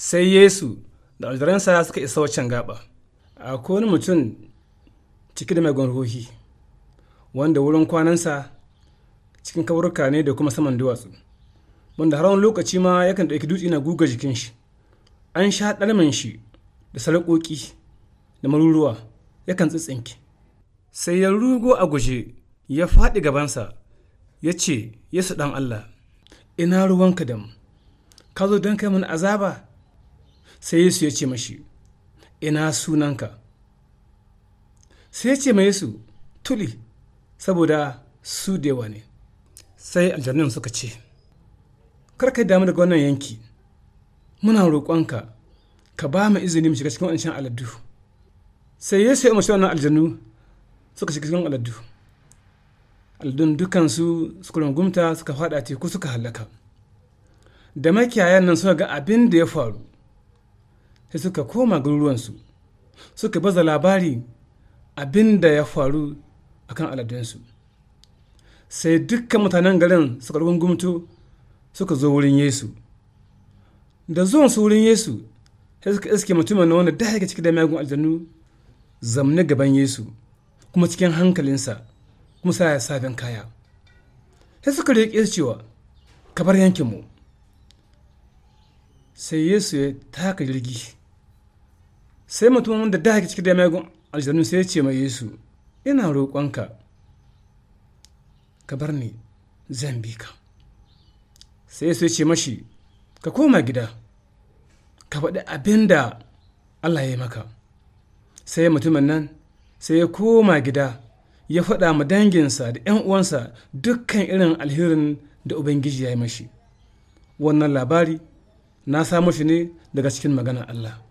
sai yesu da aljiransa suka isa waccan gaba a wani mutum cike da mai wanda wurin kwanansa cikin kaburka ne da kuma saman duwatsu wanda har wani lokaci ma yakan ɗauki dutse na guga jikin shi an sha ɗalmin shi da sarƙoƙi da maruruwa yakan tsitsinki sai ya rugo a guje ya faɗi gabansa ya ce yesu ɗan allah ina ruwanka mu, ka zo don kai mana azaba sai yesu ya ce mashi ina sunanka sai ya ce ma yesu tuli saboda su dewa ne sai aljanun suka ce karka damu daga wannan yanki muna roƙonka ka ba mu izini mu shiga cikin wancan aladu sai yesu ya umarci wannan aljanu suka shiga cikin aladu aladun dukansu suka rungumta suka faɗa teku suka halaka da makiyayan nan suka ga abin da ya faru sai suka koma garuruwansu suka baza labari abin da ya faru akan aladunsu sai dukkan mutanen garin suka rungumto suka zo wurin yesu da zuwan wurin yesu sai suka iske mutumin na wanda da yake da magun aljanu zamne gaban yesu kuma cikin hankalinsa kuma sa ya sabin kaya sai suka riƙe su cewa ka yankinmu sai yesu ya taka jirgi sai mutumin da da cike da mai aljanu sai ce mai yesu ina roƙonka ka bar ni zan bi ka sai sai ce mashi ka koma gida ka faɗi abin da allah ya yi maka sai mutumin nan sai ya koma gida ya faɗa ma danginsa da 'yan uwansa dukkan irin alherin da ubangiji ya yi mashi wannan labari na samu shi ne daga cikin magana allah